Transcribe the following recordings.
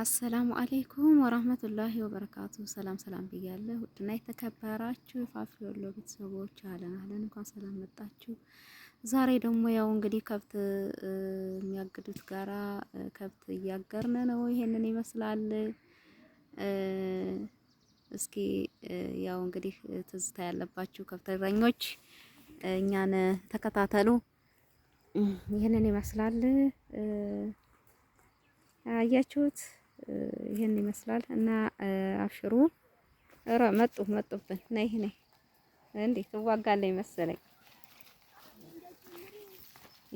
አሰላሙ አሌይኩም ወራህመቱላሂ ወበረካቱ። ሰላም ሰላም ብያለሁ። ውድና የተከበራችሁ የፋፊ ወሎ ቤተሰቦች አለን አለን፣ እንኳን ሰላም መጣችሁ። ዛሬ ደግሞ ያው እንግዲህ ከብት የሚያግዱት ጋራ ከብት እያገርን ነው። ይሄንን ይመስላል። እስኪ ያው እንግዲህ ትዝታ ያለባችሁ ከብት እረኞች እኛን ተከታተሉ። ይህንን ይመስላል። አያችሁት? ይህን ይመስላል እና አብሽሩ። ኧረ መጡ መጡብን። ነይ ነይ እንዴ ትዋጋለኝ መሰለኝ።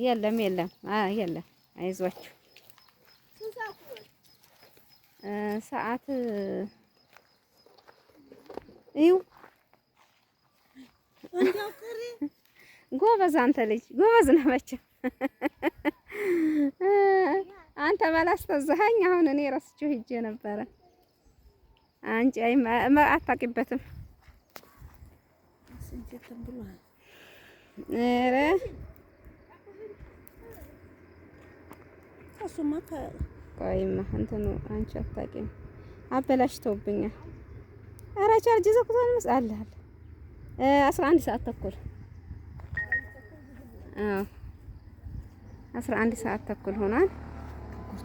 የለም የለም የለም፣ አይዟችሁ ሰዓት ይው ጎበዝ፣ አንተ ልጅ ጎበዝ ነህ መቼም አንተ ባላስተዛኸኝ አሁን እኔ ረስቼው ሂጄ ነበረ። አንቺ አይ አታውቂበትም። ኧረ ቆይማ እንትኑ አንቺ አታውቂም። አበላሽተውብኛል። ኧረ ቻርጅ ዘግቶን መስ አለ አስራ አንድ ሰዓት ተኩል አዎ አስራ አንድ ሰዓት ተኩል ሆኗል።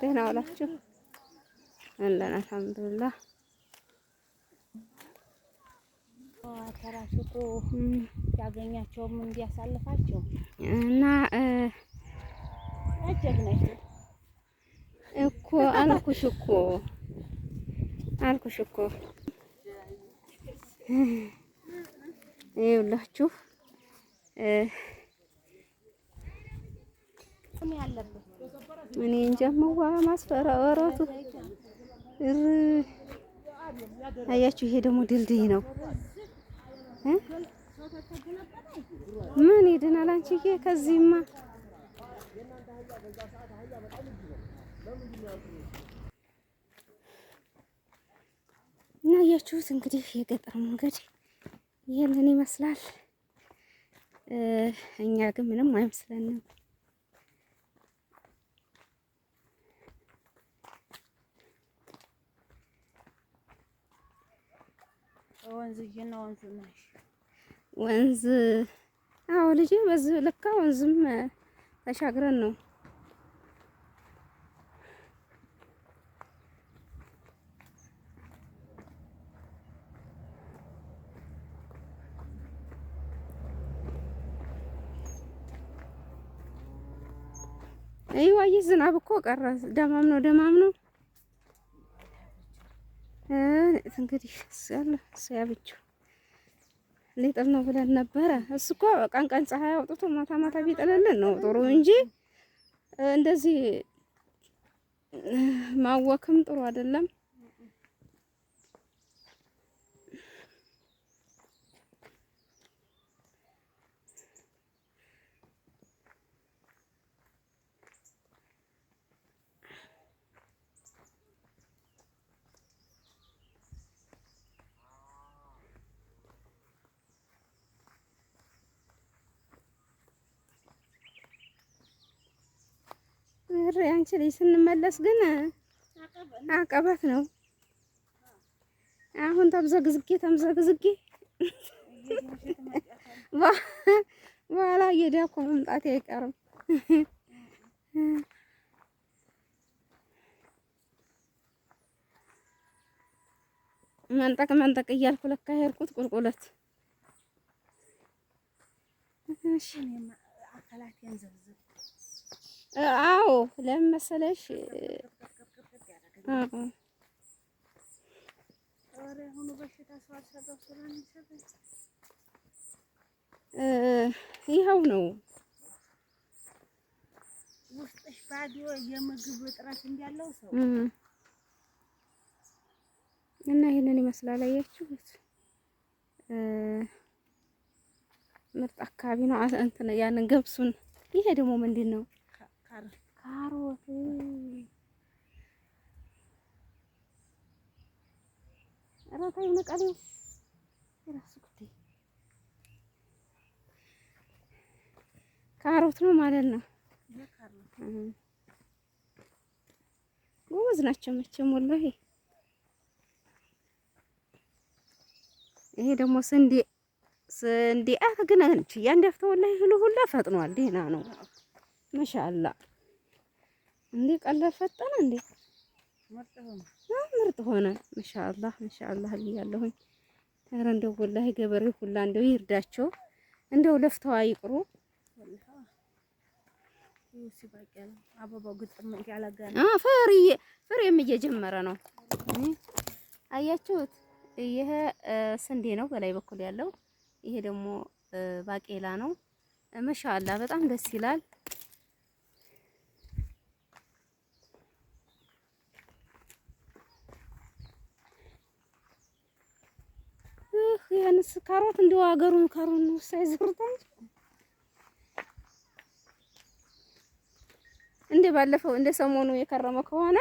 ደህና ዋላችሁ? አለን አልሐምዱሊላህ። ተራሽቆ ያገኛቸውም እንዲያሳልፋቸው እና እኮ አልኩሽ እኮ አልኩሽ እኮ ይኸውላችሁ እኔ እንጃ መዋ ማስፈራራቱ አያችሁ። ይሄ ደግሞ ድልድይ ነው። ምን ይድናል አንቺዬ? ከዚህማ እና አያችሁት እንግዲህ የገጠር መንገድ ይህንን ይመስላል። እኛ ግን ምንም አይመስለንም። ወንዙዬና ወንዙ ነሽ ወንዝ አዎ ልጄ፣ በዚህ ልካ ወንዝም ተሻግረን ነው ይዋይ ዝናብ እኮ ቀረ። ደማም ነው ደማም ነው። እንግዲህ ያለ ያብችው ሊጥል ነው ብለን ነበረ። እሱ እኮ ቀን ቀን ፀሐይ አውጥቶ ማታ ማታ ቢጥልልን ነው ጥሩ እንጂ እንደዚህ ማወክም ጥሩ አይደለም። የምር አንቺ ላይ ስንመለስ ግን አቀበት ነው። አሁን ተምዘግዝጌ ተምዘግዝጌ በኋላ እየዳኩ መምጣቴ አይቀርም። መንጠቅ መንጠቅ እያልኩ ለካ ሄድኩት ቁልቁለት እሺ አዎ ለምን መሰለሽ ይኸው ነው ውስጥሽ ባዶ የምግብ እጥረት እንዳለው ሰው እና ይሄንን ይመስላል። አያችሁት? ምርጥ አካባቢ ነው። እንትን ያንን ገብሱን ይሄ ደግሞ ምንድን ነው? አጠር ካሮት ረታይ መቀሌ የራሱ ጉዳይ ካሮት ነው ማለት ነው። ጎበዝ ናቸው መቼም ወላሂ። ይሄ ደግሞ ስንዴ ስንዴ ግን አንቺ ያንደፍተው ወላሂ ሁላ ፈጥኗል። ደህና ነው እንዴ ቀላል ፈጠነ እንዴ ምርጥ ሆነ ምርጥ ሆነ። ማሻአላህ ማሻአላህ ብያለሁኝ። ኧረ እንደው ወላሂ ገበሬ ሁላ እንደው ይርዳቸው እንደው ለፍተው አይቅሩ። ፍሬም እየጀመረ ነው። አያችሁት? ይሄ ስንዴ ነው በላይ በኩል ያለው። ይሄ ደግሞ ባቄላ ነው። ማሻአላህ በጣም ደስ ይላል። ቢያንስ ካሮት እንደው ሀገሩን ካሮን ሳይዞርታል እንደ ባለፈው እንደ ሰሞኑ የከረመ ከሆነ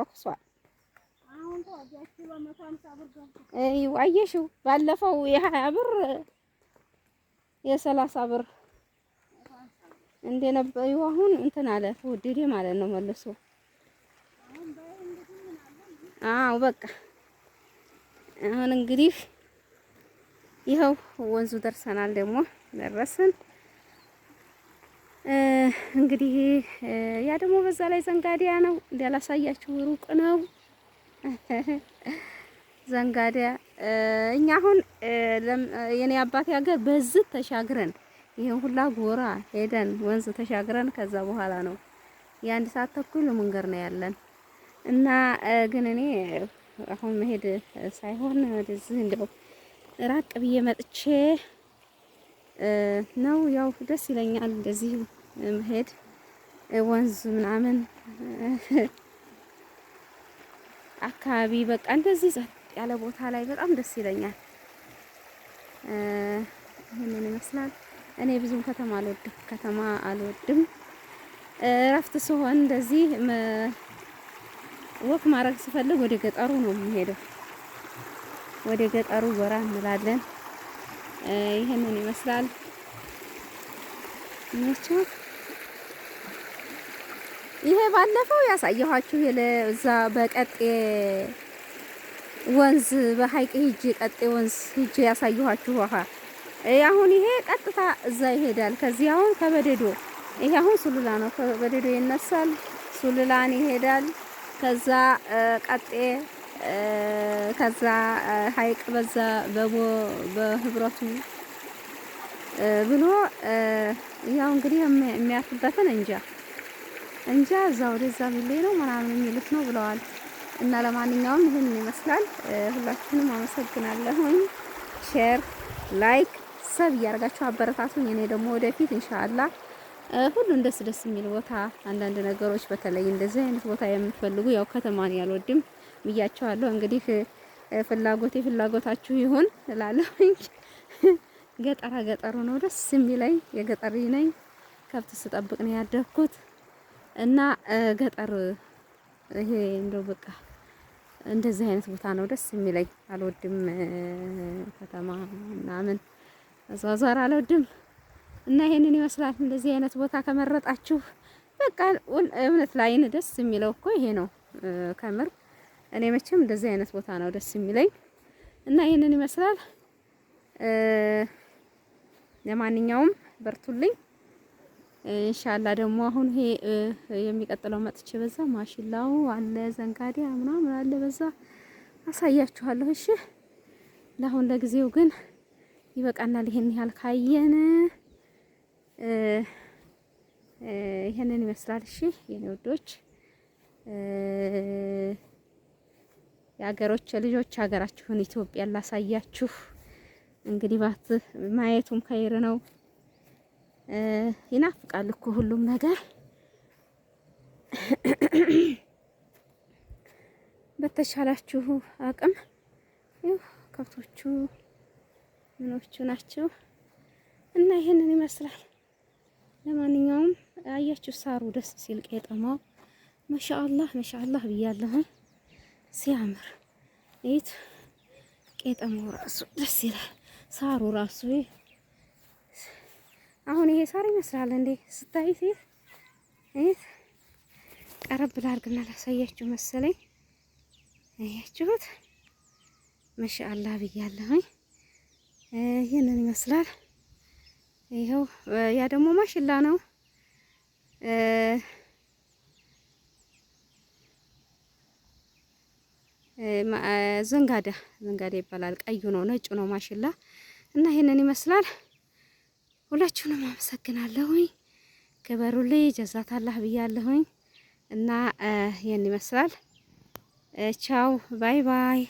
ረክሷል። እዩ አየሽው፣ ባለፈው የሀያ ብር የሰላሳ ብር እንደነበዩ አሁን እንትን አለ ተወደደ ማለት ነው መልሶ። አዎ በቃ አሁን እንግዲህ ይኸው ወንዙ ደርሰናል። ደግሞ ደረስን። እንግዲህ ያ ደግሞ በዛ ላይ ዘንጋዲያ ነው። እንዳላሳያችሁ ሩቅ ነው ዘንጋዲያ። እኛ አሁን የኔ አባቴ ሀገር በዝት ተሻግረን ይሄን ሁላ ጎራ ሄደን ወንዝ ተሻግረን ከዛ በኋላ ነው የአንድ ሰዓት ተኩል መንገድ ነው ያለን እና ግን እኔ አሁን መሄድ ሳይሆን ወደዚህ እንደው ራቅ ብዬ መጥቼ ነው ያው ደስ ይለኛል እንደዚህ መሄድ ወንዝ ምናምን አካባቢ በቃ እንደዚህ ጸጥ ያለ ቦታ ላይ በጣም ደስ ይለኛል። ይህንን ይመስላል። እኔ ብዙም ከተማ አልወድም፣ ከተማ አልወድም። እረፍት ስሆን እንደዚህ ወክ ማድረግ ስፈልግ ወደ ገጠሩ ነው የሚሄደው። ወደ ገጠሩ ጎራ እንላለን። ይህንን ይመስላል ይችው ይሄ ባለፈው ያሳየኋችሁ እዛ በቀጤ ወንዝ በሀይቅ ሂጂ ቀጤ ወንዝ ሂጅ ያሳየኋችሁ ውሃ አሁን ይሄ ቀጥታ እዛ ይሄዳል። ከዚህ አሁን ከበደዶ ይሄ አሁን ሱሉላ ነው። ከበደዶ ይነሳል፣ ሱሉላን ይሄዳል። ከዛ ቀጤ ከዛ ሀይቅ በዛ በሞ በህብረቱ ብሎ ያው እንግዲህ የሚያርፍበትን እንጃ እንጃ እዛ ወደዛ ብሌ ነው ምናምን የሚሉት ነው ብለዋል። እና ለማንኛውም ይህን ይመስላል። ሁላችሁንም አመሰግናለሁኝ። ሼር፣ ላይክ፣ ሰብ እያደረጋችሁ አበረታቱኝ። እኔ ደግሞ ወደፊት እንሻላ ሁሉም ደስ ደስ የሚል ቦታ አንዳንድ ነገሮች በተለይ እንደዚህ አይነት ቦታ የምትፈልጉ ያው ከተማን ያልወድም ብያቸዋለሁ። እንግዲህ ፍላጎቴ ፍላጎታችሁ ይሁን እላለሁ እንጂ ገጠራ ገጠሩ ነው ደስ የሚለኝ። የገጠር ነኝ፣ ከብት ስጠብቅ ነው ያደግኩት እና ገጠር ይሄ እንደው በቃ እንደዚህ አይነት ቦታ ነው ደስ የሚለኝ። አልወድም ከተማ ምናምን ዟዟር አልወድም እና ይሄንን ይመስላል። እንደዚህ አይነት ቦታ ከመረጣችሁ በቃ እውነት ላይን ደስ የሚለው እኮ ይሄ ነው ከምር እኔ መቼም እንደዚህ አይነት ቦታ ነው ደስ የሚለኝ እና ይህንን ይመስላል። ለማንኛውም በርቱልኝ። ኢንሻአላ ደግሞ አሁን ይሄ የሚቀጥለው መጥቼ በዛ ማሽላው አለ ዘንጋዴ ምናምን አለ በዛ አሳያችኋለሁ። እሺ ለአሁን ለጊዜው ግን ይበቃናል። ይሄን ያህል ካየን ይሄንን ይመስላል። እሺ የኔ ወዶች የሀገሮች ልጆች ሀገራችሁን ኢትዮጵያ ላሳያችሁ። እንግዲህ ባት ማየቱም ከይር ነው። ይናፍቃል እኮ ሁሉም ነገር። በተሻላችሁ አቅም ከብቶቹ ምኖቹ ናቸው እና ይሄንን ይመስላል። ለማንኛውም አያችሁ ሳሩ ደስ ሲል ቄጠማው ማሻአላህ ማሻአላህ ብያለሁ። ሲያምር ይት ቄጠማው ራሱ ደስ ይላል። ሳሩ ራሱ አሁን ይሄ ሳር ይመስላል እንዴ ስታይ ሲል ይት ቀረብ ላድርግና ላሳያችሁ መሰለኝ። አያችሁት? ማሻአላህ ብያለሁኝ። ይህንን ይመስላል። ይኸው ያ ደግሞ ማሽላ ነው። ዘንጋዳ ዘንጋዳ ይባላል። ቀዩ ነው ነጩ ነው ማሽላ እና ይሄንን ይመስላል። ሁላችሁንም አመሰግናለሁኝ። ክበሩልኝ፣ ጀዛታላህ ብያለሁኝ እና ይህን ይመስላል። ቻው ባይ ባይ።